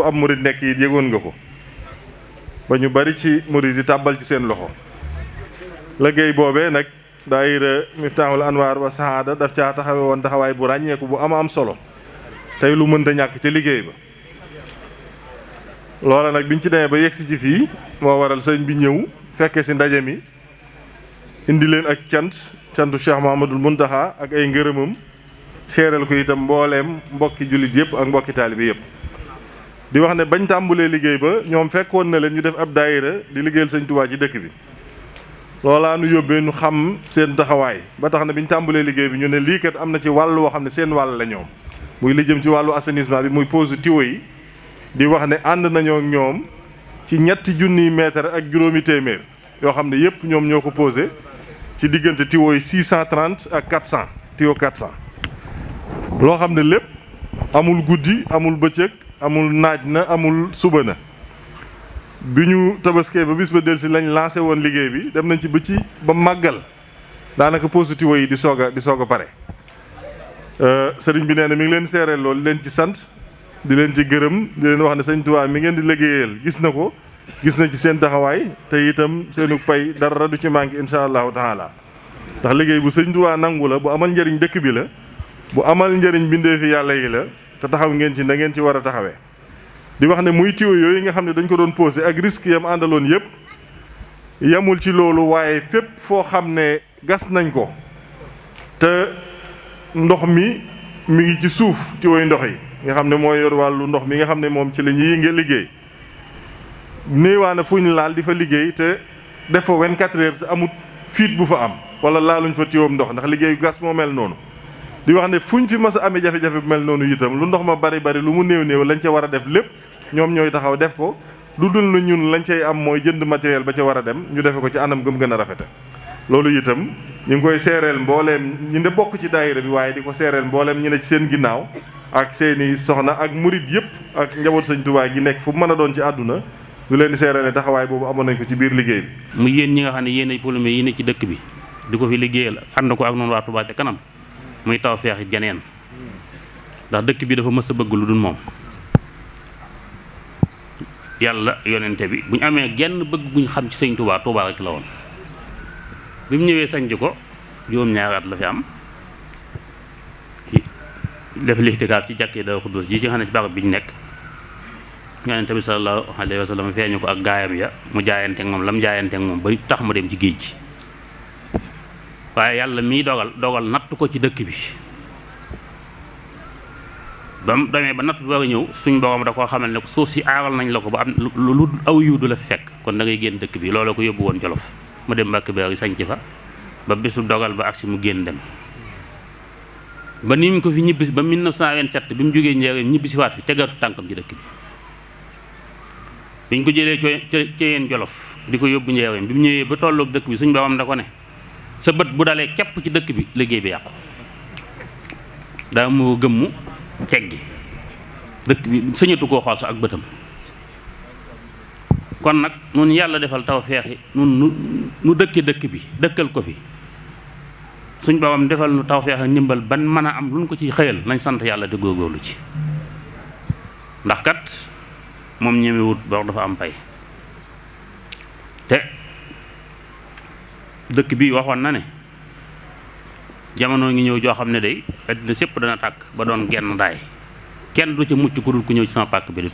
fu ab murit nekk yi yëgoon nga ko ba ñu bari ci murit yi tàbbal ci seen loxo liggéey boobee nag daayira Miftaahul Anwaar wa Sahaada daf caa taxawe woon taxawaay bu ràññeeku bu ama am solo tey lu mënta ñàkk ca liggéey ba loola nag biñ ci demee ba yegsi ci fii moo waral sëñ bi ñëw fekkee si ndaje mi indi leen ak cant cantu Cheikh Mahamadul Muntaxa ak ay ngërëmam seeral ko itam mbooleem mbokki jullit yëpp ak mbokki taalibe yëpp di wax ne bañ tàmbulee liggéey ba ñoom fekkoon na leen ñu def ab daayira di liggéeyal sañ Tuubaa ci dëkk bi loolaa nu yóbbee nu xam seen taxawaay ba tax na bi ñu tàmbulee liggéey bi ñu ne lii am na ci wàll woo xam ne seen wàll la ñoom muy li jëm ci wàllu assainissement bi muy pose tiwo yi di wax ne ànd nañoo ñoom ci ñetti junniy mètre ak juróomi téeméer yoo xam ne yëpp ñoom ñoo ko posé ci diggante tiwo yi 630 ak 400 tiwo 400 loo xam ne lépp amul guddi amul bëccëg. amul naaj na amul suba na bi ñu tabaskee ba bis ba delsi lañ lancé woon liggéey bi dem nañ ci ba ci ba màggal daanaka positivo yi di soog a di soog a pare euh, sëriñ bi nee na mi ngi leen seereel loolu leen ci sant di leen ci gërëm di leen wax ne sëñ Tuubaa mi ngeen di liggéeyal gis na ko gis na ci seen taxawaay te itam seenu pay dara radu ci manqué incha allahu taala ndax liggéey bu sëñ Tuubaa nangu la bu amal njëriñ dëkk bi la bu amal njëriñ bindee fi yàlla yi te taxaw ngeen ci na ci war a taxawee di wax ne muy tuyau yooyu nga xam ne dañ ko doon posé ak risque yam àndaloon yëpp yamul ci loolu waaye fépp foo xam ne gas nañ ko te ndox mi mu ngi ci suuf tuyau yu ndox yi nga xam ne moo yor wàllu ndox mi nga xam ne moom ci la ñuy nga liggéey néewaane fu ñu laal di fa liggéey te def fa 24 heures te amut fiit bu fa am wala laaluñ fa tuyau ndox ndax liggéeyu gas moo mel noonu di wax ne fu ñu fi mas a amee jafe-jafe bu mel noonu itam lu ndox ma bari bari lu mu néew néew lañ ca war a def lépp ñoom ñooy taxaw def ko lu dul na ñun lañ cay am mooy jënd matériel ba ca war a dem ñu defe ko ci anam gëm gën a rafete loolu itam ñu ngi koy seereel mbooleem ñu ne bokk ci daayira bi waaye di ko seereel mbooleem ñu ne ci seen ginnaaw ak seeni soxna ak murit yëpp ak njaboot sëñ Tuubaa gi nekk fu mën a doon ci àdduna ñu leen di seereel ne taxawaay boobu amoon nañ ko ci biir liggéey bi mu yéen nga xam ne yéen ay problème yi ne ci dëkk bi di ko fi liggéeyal ànd ko ak noonu waa Touba ca kanam muy taw tawféex geneen ndax dëkk bi dafa mësa bëgg lu dul moom yàlla yonente bi bu ñu amee genn bëgg guñ xam ci sëñ Touba Touba rek la woon bi mu ñëwee sanc ko juróom-ñaari la fi am ci def lihtikaaf ci jàkkee Daaru Xuddus ji ci xam ne ci barab bi ñu nekk yonente bi sallallahu alayhi wa sallam feeñu ko ak gaayam ya mu jaayante ak moom lam jaayante ak moom ba tax ma dem ci géej gi waaye yàlla miy dogal dogal natt ko ci dëkk bi ba mu demee ba natt bi ba ñëw suñ borom da koo xamal ne suuf si aaral nañ la ko ba am lu aw yiw la fekk kon da ngay génn dëkk bi looloo ko yóbbu woon jolof mu dem mbàkk beer yi sañc fa ba bisu dogal ba ak si mu génn dem ba ni ñu ko fi ñibbisi ba 1927 bi mu jógee njëriñ ñibbisiwaat fi tegaatu tànkam ci dëkk bi bi ñu ko jëlee ci yeen jolof di ko yóbbu njëriñ bi mu ñëwee ba tolloog dëkk bi suñ borom da ko sa bët bu dalee képp ci dëkk bi liggéey bi yàqu daa moo gëmmu teggi dëkk bi sëñatu koo xool sa ak bëtam kon nag nun yàlla defal taw feexi nun nu nu dëkke dëkk bi dëkkal ko fi suñ boobam defal nu taw feexi ndimbal ban mën a am lu ñu ko ci xëyal nañ sant yàlla di góorgóorlu ci ndax kat moom ñemewut boog dafa am pay te dëkk bii waxoon na ne jamono ngi ñëw joo xam ne day addina sépp dana tàkk ba doon genn daay kenn du ci mucc ku dul ku ñëw ci sama pàkk bi di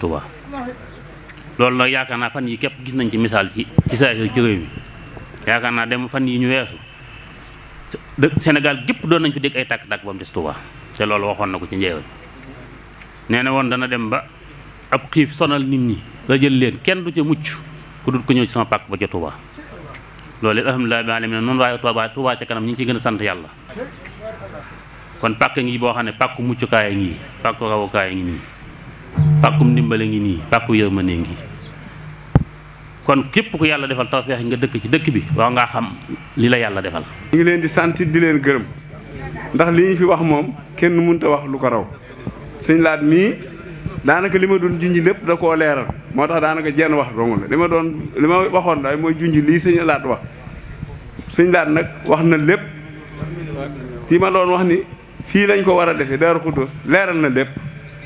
loolu nag yaakaar naa fan yi képp gis nañ ci misaal ci ci saa ci yaakaar naa dem fan yi ñu weesu Sénégal gépp doon nañ fi dégg ay tàkk-tàkk ba mu des te loolu waxoon na ko ci njeewal nee na woon dana dem ba ab xiif sonal nit ñi la jël leen kenn du ca mucc ku dul ku ñëw ci sama loolu it alhamdulilah bi alamin noonu waaye Tuubaa Tuubaa ca kanam ñu ngi gën a sant yàlla kon pàkk ngi boo xam ne pàkku muccukaay ngi pàkku rawukaay ngi nii pàkkum ndimbale ngi nii pàkku yërmande ngi kon képp ku yàlla defal tawfeex nga dëkk ci dëkk bi waaw ngaa xam li la yàlla defal ñu ngi leen di sant di leen gërëm ndax li ñu fi wax moom kenn mënut a wax lu ko raw sëñ laat mii daanaka li ma doon junj lépp da koo leeral moo tax daanaka jenn wax dong la li ma doon li ma waxoon daal mooy junj lii sëñ laat wax sëñ laat nag wax na lépp ci ma doon wax ni fii lañ ko war a defee Daaru Xuddoos leeral na lépp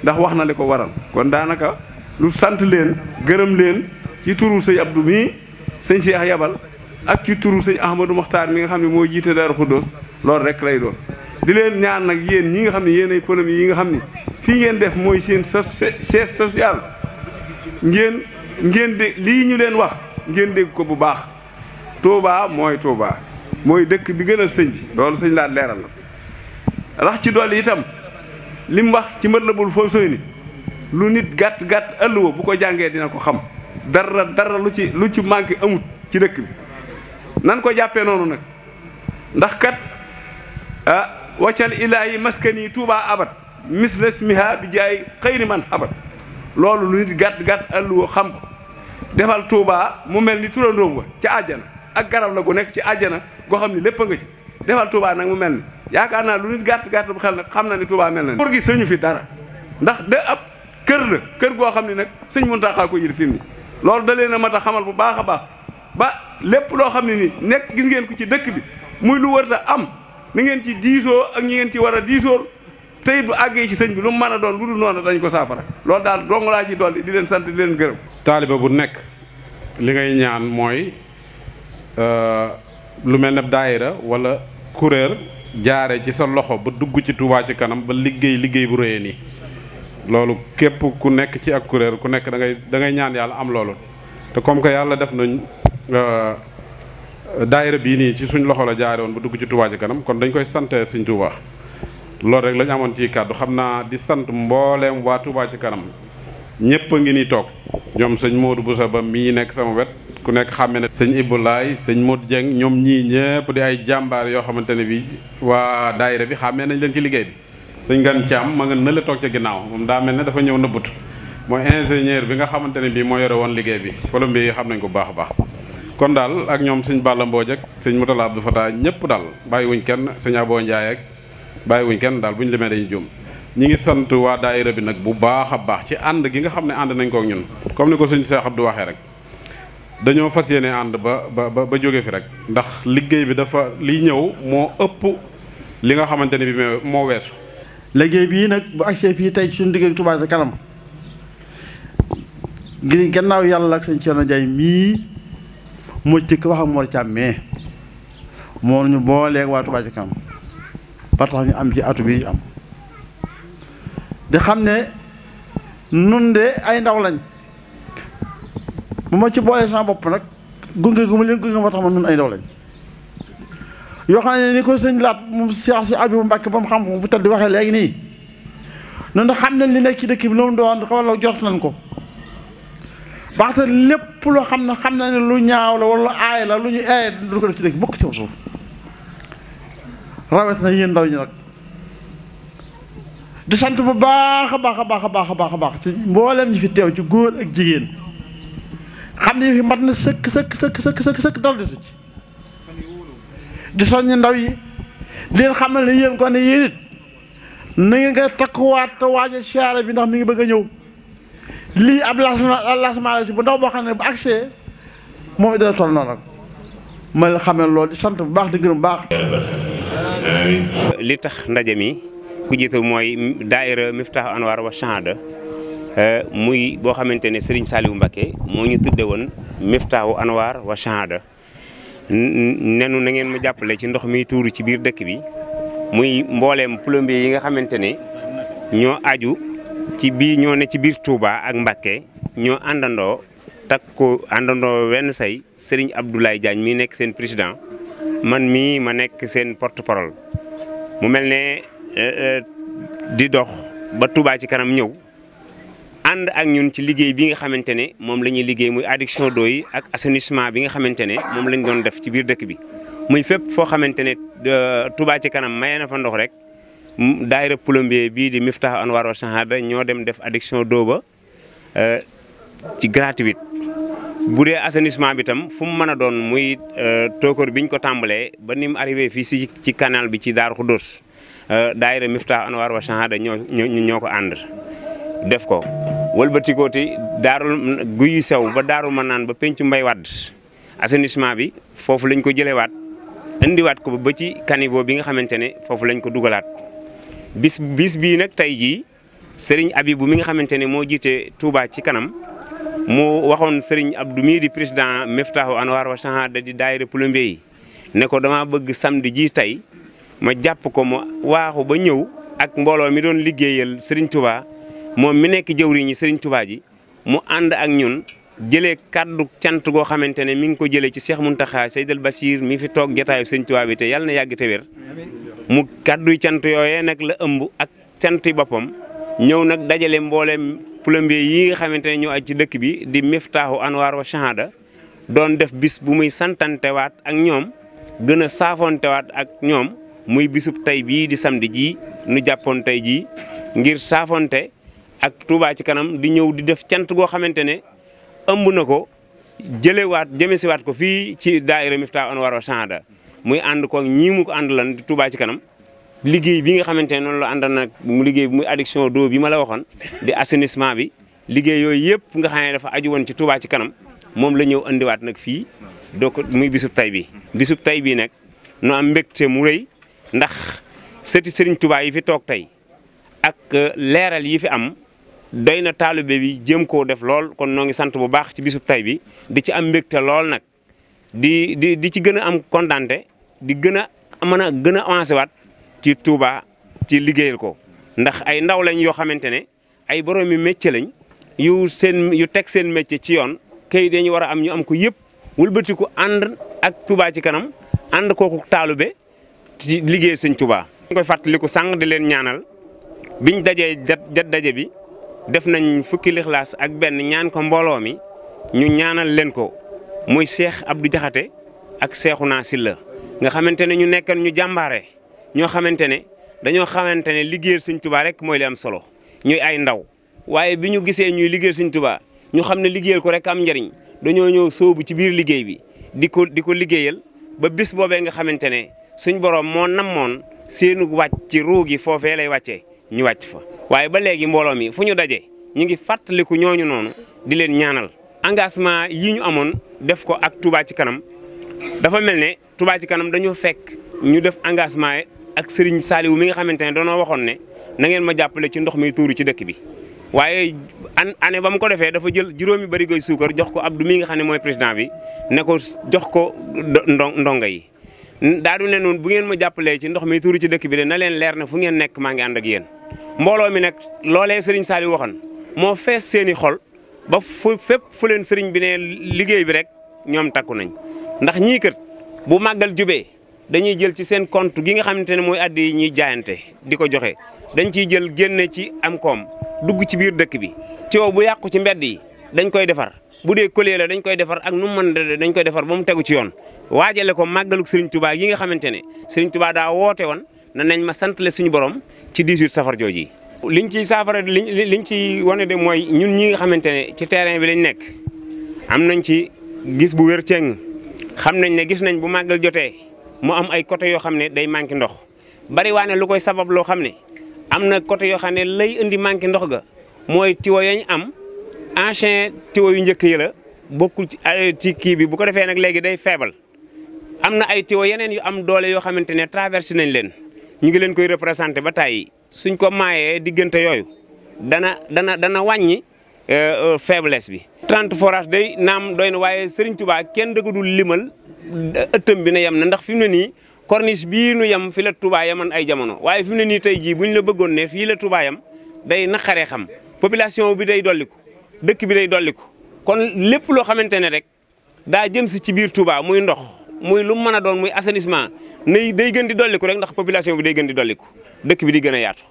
ndax wax na li ko waral kon daanaka lu sant leen gërëm leen ci turu sëñ Abdou mii sëñ Cheikh yabal ak ci turu sëñ Ahmadou Mokhtar mi nga xam ne moo jiite Daaru Xuddoos loolu rek lay doon di leen ñaan nag yéen ñi nga xam ne yéen ay problème yi nga xam ne fii ngeen def mooy seen so siège social ngeen ngeen dé lii ñu leen wax ngeen dégg ko bu baax Touba mooy Touba mooy dëkk bi gënal sëñ bi loolu sëñ laa leeral na rax ci dolli itam li mu wax ci Matlabul ni lu nit gàtt gàtt ëllëwa bu ko jàngee dina ko xam dara dara lu ci lu ci manqué amut ci dëkk bi nan ko jàppee noonu nag ndax kat ah, waccal ilaahi maskani tuubaa abad misla smiha bi xëy xëyri man abad loolu lu nit gàtt gàtt alluwa xam ko defal tuubaa mu mel ni turandoom wa ci àjjana ak garab la gu nekk ci àjjana goo xam ne lépp a nga ci defal tuubaa nag mu mel ni yaakaar naa lu nit gàtt gàtt bu xel nag xam na ne tuubaa mel na pour gi sëñu fi dara ndax da ab kër la kër goo xam ne nag sëñ Muntaxa ko yër fi mu loolu da na a a xamal bu baax a baax ba lépp loo xam ne nekk gis ngeen ko ci dëkk bi muy lu wër ta am ni ngeen ci diisoo ak ñi ngeen ci war a diisoo tey bu àggee ci sëñ bi lu mu mën a doon lu dul noonu dañ ko saafara loolu daal dong laa ci dolli di leen sant di leen gërëm. taaliba bu nekk li ngay ñaan mooy euh, lu mel ne daayira wala kuréel jaare ci sa loxo ba dugg ci Touba ci kanam ba liggéey liggéey bu rëy nii loolu képp ku nekk ci ak kuréel ku nekk da ngay da ñaan yàlla am loolu te comme que yàlla def nañ. Euh, daayira bii nii ci suñ loxo la jaare woon ba dugg ci Touba Ca Kanam kon dañ koy sante suñ Touba loolu rek lañu amoon ci kàddu xam naa di sant mbooleem waa Touba Ca Kanam ñëpp a ngi ni toog ñoom sëñ Modou Boussa ba mii nekk sama wet ku nekk xàmme ne sëñ Ibou Laay sëñ Modou Dieng ñoom ñii ñëpp di ay jàmbaar yoo xamante ne bi waa daayira bi xàmmee nañ leen ci liggéey bi sëñ Gan Thiam ma nga nële toog ca ginnaaw moom daa mel ne dafa ñëw nëbbut mooy ingénieur bi nga xamante ne bi moo yore woon liggéey bi Colombie yi xam nañ ko baax a baax kon daal ak ñoom sëñ Balla Mbooj ak sëñ Moutala Abdou Fatah ñëpp daal bàyyiwuñ kenn sëñ Aboo Njaay ak bàyyiwuñ kenn daal bu ñu limee dañuy juum ñi ngi sant waa daayira bi nag bu baax a baax ci ànd gi nga xam ne ànd nañ ko ñun comme ni ko sëñ Cheikh du waxee rek dañoo fas yéene ànd ba ba ba jóge fi rek ndax liggéey bi dafa liy ñëw moo ëpp li nga xamante ne bi moo weesu liggéey bii nag bu agsee fii tey suñu digg ak Touba ca kanam gi gannaaw yàlla ak sëñ Thierno Ndiaye moo jëkk wax ak Mor Thiam mais moo ñu booleeg waa Touba Ca Kanam ba tax ñu am ci atu bi ñu am di xam ne nun de ay ndaw lañ bu ma ci boolee sama bopp nag gunge gu ma leen gunge moo tax ma nun ay ndaw lañ yoo xam ne ni ko sëñ laat moom Seex si Abibu Mbàkke ba mu xam bu di waxee léegi nii nun xam nañ li nekk ci dëkk bi lu mu doon xaw a jot nañ ko baxte lépp pour loo xam na xam na ne lu ñaaw la wala lu aay la lu ñu aay du ko def ci dëkk bokk ci kaw suuf rawet na yéen ndaw ñi nag di sant bu baax a baax a baax a baax a baax a baax ci mbooleem ñi fi teew ci góor ak jigéen xam ne fi mat na sëkk sëkk sëkk sëkk sëkk sëkk dal desi ci di soññ ndaw yi di leen xamal ne yéen ko ne yéen it na nga takkuwaat te waaj siyaare bi ndax mi ngi bëgg a ñëw lii ab lancement la si bu ndaw boo xam ne bu accès moom it dana toll noonu ma la xamee loolu di sant bu baax di gërëm baax. li tax ndaje mi ku jiitu mooy daaira Miftah Anwar wa Shahada eh, muy boo xamante ne Serigne Saliou Mbacké moo ñu tudde woon Miftahu Anwar wa Shahada nenu na ngeen ma jàppale ci ndox mi tuuru ci biir dëkk bi muy mbooleem plombier yi nga xamante ne ñoo aju. ci bii ñoo ne ci biir Touba ak mbakke ñoo àndandoo ko àndandoo wenn say Serigne Abdoulaye Diagne mii nekk seen président man mii ma nekk seen porte parole mu mel ne eh, eh, di dox ba Touba ci kanam ñëw ànd ak ñun ci liggéey bi nga xamante ne moom la ñuy liggéey muy adduction d'eau yi ak assainissement bi nga xamante ne moom lañ doon def ci biir dëkk bi muy fépp foo xamante ne Touba ci kanam maye na fa ndox rek. daayira plombier bii di Miftah Anwar wa Shahada ñoo dem def adduction d'eau ba euh, ci gratuite bu dee assainissement bi tam fu mu mën a doon muy euh, tookor biñ ko tàmbalee ba ni mu arrivé fii si ci canal bi ci Daaru Xuddoos euh, daayira Miftah Anwar wa Shahada ñoo ñoo ko ànd def ko wëlbatikooti daarul guyu sew ba daarul ma naan ba pencu mbay wadd assainissement bi foofu lañ ko jëlewaat indiwaat ko ba ci caniveau bi nga xamante ne foofu lañ ko dugalaat bis bis bii nag tey jii sëriñ Abibu mi nga xamante ne moo jiite Touba ci kanam moo waxoon sëriñ Abdou mii di président Meftahu Anwar wa Shahada di daayira plombier yi ne ko dama bëgg samedi ji tey ma jàpp ko ma waaxu ba ñëw ak mbooloo mi doon liggéeyal sëriñ Touba moom mi nekk jëwriñi sëriñ Touba ji mu ànd ak ñun jëlee kàddu cant goo xamante ne mi ngi ko jëlee ci Cheikh Mountakha Seydal Basir mi fi toog jataayu sëriñ Touba bi te yàlla na yàgg te wér mu kàdduy cant yooye nag la ëmb ak canti boppam ñëw nag dajale mbooleem plombier yi nga xamante ne ñoo aj ci dëkk bi di miftaahu anwaar wa shahada doon def bis bu muy santantewaat ak ñoom gën a saafontewaat ak ñoom muy bisub tey bii di samedi ji nu jàppoon tey jii ngir saafonte ak Touba ci kanam di ñëw di def cant goo xamante ne ëmb na ko jëlewaat jëmesiwaat ko fii ci daaira miftaahu anwaar wa shahada muy ànd koog ñii mu ko ànd lan di Touba ci kanam liggéey bi nga xamante ne noonu la àndal nag mu liggéey bi muy adduction d'eau bi ma la waxoon di assainissement bi liggéey yooyu yëpp nga xam dafa aju woon ci Touba ci kanam moom la ñëw andiwaat nag fii donc muy bisub tay bi bisub tay bii nag nu am mbégte mu rëy ndax sëti sëriñ Touba yi fi toog tey ak euh, leeral yi fi am doy na taalibe bi jëm koo def lool kon noo ngi sant bu baax ci bisub tay bi di ci am mbégte lool nag di di di ci gën a am kontaante di gën a mën a gën a avancé waat ci Touba ci liggéeyal ko ndax ay ndaw lañ yoo xamante ne ay borom yu lañ yu seen yu teg seen métier ci yoon kayit dañu war a am ñu am ko yëpp wëlbatiku ànd ak Touba ci kanam ànd kooku taalube ci liggéey sëñ Touba. ñu koy fàttaliku sàng di leen ñaanal biñ dajee jat daje bi def nañ fukki lixlaas ak benn ñaan ko mbooloo mi ñu ñaanal leen ko muy ab du jaxate ak Cheikhouna la nga xamante ne ñu nekkan ñu jàmbaare ñoo xamante ne dañoo xamante ne liggéeyal Sëñ Tuubaa rek mooy li am solo ñuy ay ndaw waaye bi ñu gisee ñuy liggéeyal Sëñ tubaa ñu xam ne liggéeyal ko rek am njëriñ dañoo ñëw soobu ci biir liggéey bi di ko di ko liggéeyal ba bis boobee nga xamante ne suñ borom moo namoon seenu wàcc ci ruu gi foofee lay wàccee ñu wàcc fa. waaye ba léegi mbooloo mi fu ñu dajee ñu ngi fàttaliku ñooñu noonu di leen ñaanal engagement yi ñu amoon def ko ak Touba ci kanam dafa mel ne Touba ci kanam dañoo fekk ñu def engagement yi ak Serigne Saliou mi nga xamante ne doonoo waxoon ne na ngeen ma jàppale ci ndox mi tuuru ci dëkk bi. waaye an année ba mu ko defee dafa jël juróomi barigoy suukar jox ko Abdou mi nga xam ne mooy bi ne ko jox ko ndongo yi. daa du ne bu ngeen ma jàppalee ci ndox mi tuuru ci dëkk bi de na leen leer ne fu ngeen nekk maa ngi ànd ak yéen mbooloo mi nag loole Serigne saali waxoon moo fees seeni xol ba fu fépp fu leen sëriñ bi ne liggéey bi rek ñoom takku nañ. ndax ñii kët bu màggal jubee dañuy jël ci seen compte gi nga xamante ne mooy addi yi ñuy jaayante di ko joxe dañ ciy jël génne ci am koom dugg ci biir dëkk bi coow bu yàqu ci mbedd yi dañ koy defar bu dee collier la dañ koy defar ak nu mu mën de dañ koy defar ba mu tegu ci yoon waajale ko màggaluk Serigne Touba yi nga xamante ne Serigne Touba daa woote woon na nañ ma santale suñu borom ci 18 safar jooji liñ ciy saafara liñ ci wane de mooy ñun ñi nga xamante ne ci terrain bi lañ nekk am nañ ci gis bu wér ceeng xam nañ ne gis nañ bu màggal jotee mu am ay côté yoo xam ne day manqué ndox bari waane lu koy sabab loo xam ne am na côté yoo xam ne lay indi manqué ndox ga mooy tiwo yañ am ancien tiwo yu njëkk yi la bokkul ci euh, ci kii bi bu ko defee nag léegi day feebal am na ay tiwo yeneen yu am doole yoo xamante ne traversé nañ leen ñu ngi leen koy représenté ba tàyyi suñ ko maayee diggante yooyu dana dana Euh, euh, faiblesse bi. 30 forage day naam doy na waaye Serigne tubaa kenn dëgg dul limal euh, ëttam bi na yem na ndax fi mu ne nii corniche bii nu yem fi la Touba yemoon ay jamono waaye fi mu ne nii tey jii ñu la bëggoon ne fii la Touba yem day naqaree xam population bi day dolliku dëkk bi day dolliku kon lépp loo xamante ne rek daa jëm si ci biir Touba muy ndox muy lu mën a doon muy assainissement nay day gën di dolliku rek ndax population bi day gën di dolliku dëkk bi di gën a yaatu.